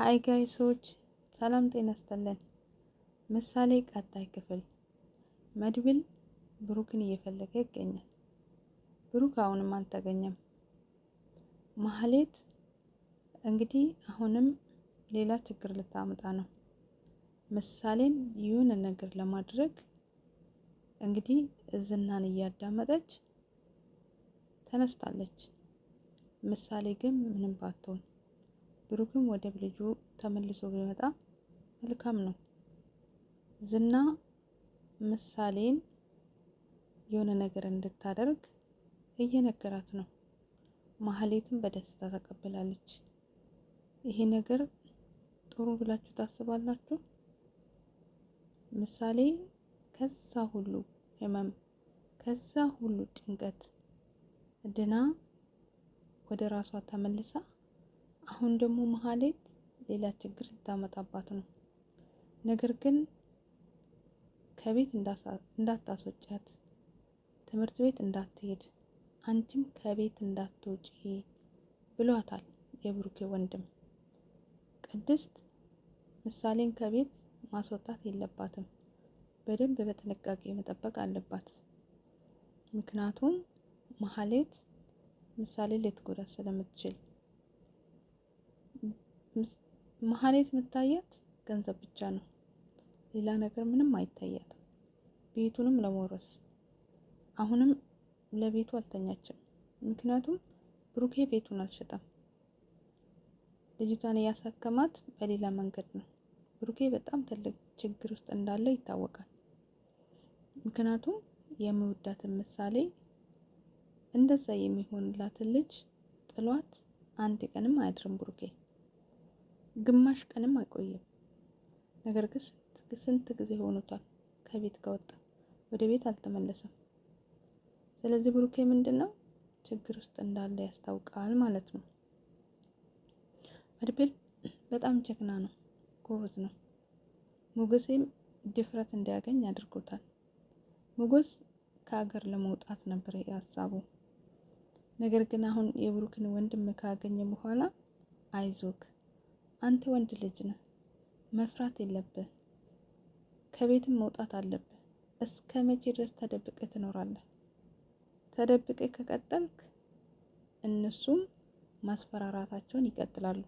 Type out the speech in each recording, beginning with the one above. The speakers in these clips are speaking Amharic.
ሀይ ጋይ ሰዎች ሰላም ጤና ይስጥልን። ምሳሌ ቀጣይ ክፍል መድብል ብሩክን እየፈለገ ይገኛል። ብሩክ አሁንም አልተገኘም። ማህሌት እንግዲህ አሁንም ሌላ ችግር ልታመጣ ነው። ምሳሌን የሆነ ነገር ለማድረግ እንግዲህ ዝናን እያዳመጠች ተነስታለች። ምሳሌ ግን ምንም ባትሆን ብሩክም ወደ ልጁ ተመልሶ ቢመጣ መልካም ነው። ዝና ምሳሌን የሆነ ነገር እንድታደርግ እየነገራት ነው። ማህሌትም በደስታ ተቀብላለች። ይሄ ነገር ጥሩ ብላችሁ ታስባላችሁ? ምሳሌ ከዛ ሁሉ ህመም ከዛ ሁሉ ጭንቀት ድና ወደ ራሷ ተመልሳ አሁን ደግሞ መሀሌት ሌላ ችግር ልታመጣባት ነው። ነገር ግን ከቤት እንዳታስወጫት፣ ትምህርት ቤት እንዳትሄድ፣ አንቺም ከቤት እንዳትወጪ ብሏታል የብሩኬ ወንድም። ቅድስት ምሳሌን ከቤት ማስወጣት የለባትም። በደንብ በጥንቃቄ መጠበቅ አለባት። ምክንያቱም መሀሌት ምሳሌ ልትጎዳ ስለምትችል መሀኔት የምታያት ገንዘብ ብቻ ነው። ሌላ ነገር ምንም አይታያትም። ቤቱንም ለመውረስ አሁንም ለቤቱ አልተኛችም። ምክንያቱም ብሩኬ ቤቱን አልሸጠም። ልጅቷን እያሳከማት በሌላ መንገድ ነው። ብሩኬ በጣም ትልቅ ችግር ውስጥ እንዳለ ይታወቃል። ምክንያቱም የሚወዳትን ምሳሌ እንደዛ የሚሆንላትን ልጅ ጥሏት አንድ ቀንም አያድርም ብሩኬ። ግማሽ ቀንም አይቆይም። ነገር ግን ስንት ጊዜ ሆኖታል ከቤት ከወጣ ወደ ቤት አልተመለሰም። ስለዚህ ብሩኬ ምንድን ነው ችግር ውስጥ እንዳለ ያስታውቃል ማለት ነው። መድብል በጣም ጀግና ነው፣ ጎበዝ ነው። ሞገሴም ድፍረት እንዲያገኝ አድርጎታል። ሞገስ ከሀገር ለመውጣት ነበር ያሳቡ። ነገር ግን አሁን የብሩክን ወንድም ካገኘ በኋላ አይዞክ አንተ ወንድ ልጅ ነህ፣ መፍራት የለብህ። ከቤትም መውጣት አለብህ። እስከ መቼ ድረስ ተደብቀ ትኖራለህ? ተደብቀ ከቀጠልክ እነሱም ማስፈራራታቸውን ይቀጥላሉ።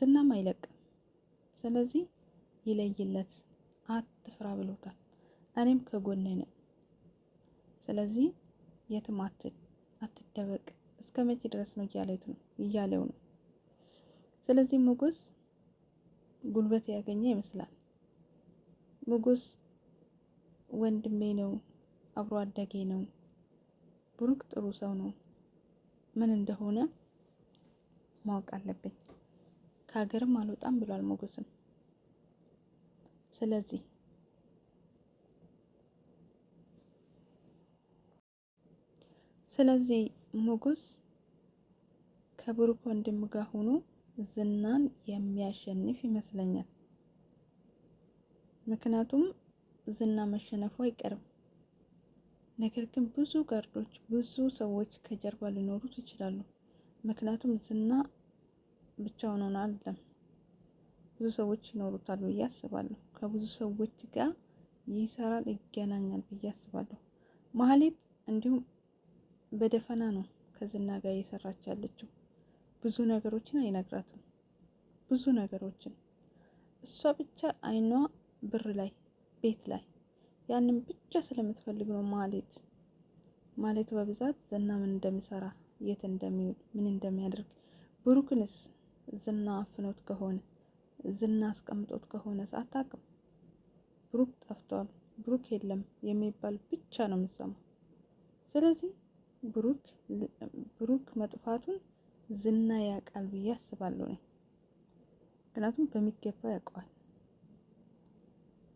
ዝናም አይለቅም። ስለዚህ ይለይለት፣ አትፍራ ብሎታል። እኔም ከጎን ነኝ። ስለዚህ የትም አትደበቅ። እስከ መቼ ድረስ ነው እያለው ነው ስለዚህ ሙጉስ ጉልበት ያገኘ ይመስላል። ሙጉስ ወንድሜ ነው፣ አብሮ አደጌ ነው፣ ብሩክ ጥሩ ሰው ነው። ምን እንደሆነ ማወቅ አለብኝ። ከሀገርም አልወጣም ብሏል ሙጉስም። ስለዚህ ስለዚህ ሙጉስ ከብሩክ ወንድም ጋር ሆኖ ዝናን የሚያሸንፍ ይመስለኛል። ምክንያቱም ዝና መሸነፉ አይቀርም። ነገር ግን ብዙ ጋርዶች፣ ብዙ ሰዎች ከጀርባ ሊኖሩት ይችላሉ። ምክንያቱም ዝና ብቻውን ሆኖ አይደለም፣ ብዙ ሰዎች ይኖሩታል ብዬ አስባለሁ። ከብዙ ሰዎች ጋር ይሰራል፣ ይገናኛል ብዬ አስባለሁ። ማህሌት እንዲሁም በደፈና ነው ከዝና ጋር እየሰራች ያለችው። ብዙ ነገሮችን አይነግራትም። ብዙ ነገሮችን እሷ ብቻ አይኗ ብር ላይ ቤት ላይ ያንን ብቻ ስለምትፈልግ ነው ማለት ማለት በብዛት ዝና ምን እንደሚሰራ የት እንደሚውል ምን እንደሚያደርግ ብሩክንስ ዝና አፍኖት ከሆነ ዝና አስቀምጦት ከሆነ አታውቅም። ብሩክ ጠፍቷል፣ ብሩክ የለም የሚባል ብቻ ነው የምሰማው ስለዚህ ብሩክ ብሩክ መጥፋቱን ዝና ያውቃል ብዬ አስባለሁ ነኝ። ምክንያቱም በሚገባ ያውቀዋል።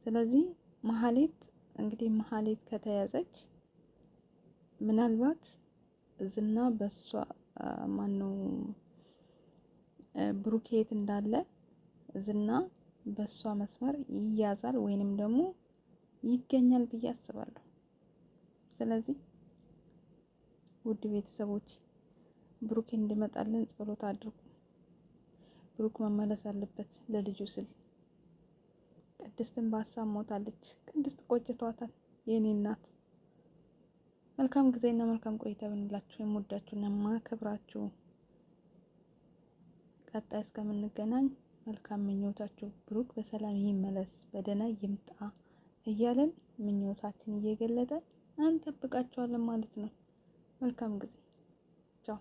ስለዚህ መሀሌት እንግዲህ መሀሌት ከተያዘች ምናልባት ዝና በእሷ ማነው ብሩኬት እንዳለ ዝና በእሷ መስመር ይያዛል ወይንም ደግሞ ይገኛል ብዬ አስባለሁ። ስለዚህ ውድ ቤተሰቦች ብሩክ እንዲመጣልን ጸሎት አድርጉ። ብሩክ መመለስ አለበት ለልጁ ስል። ቅድስትን በሀሳብ ሞታለች። ቅድስት ቆጭቷታል። የኔ እናት መልካም ጊዜና መልካም ቆይታ ብንላችሁ የምወዳችሁና ማከብራችሁ ቀጣይ እስከምንገናኝ መልካም ምኞታችሁ ብሩክ በሰላም ይመለስ በደህና ይምጣ እያለን ምኞታችን እየገለጠን እንጠብቃቸዋለን ማለት ነው። መልካም ጊዜ ቻው።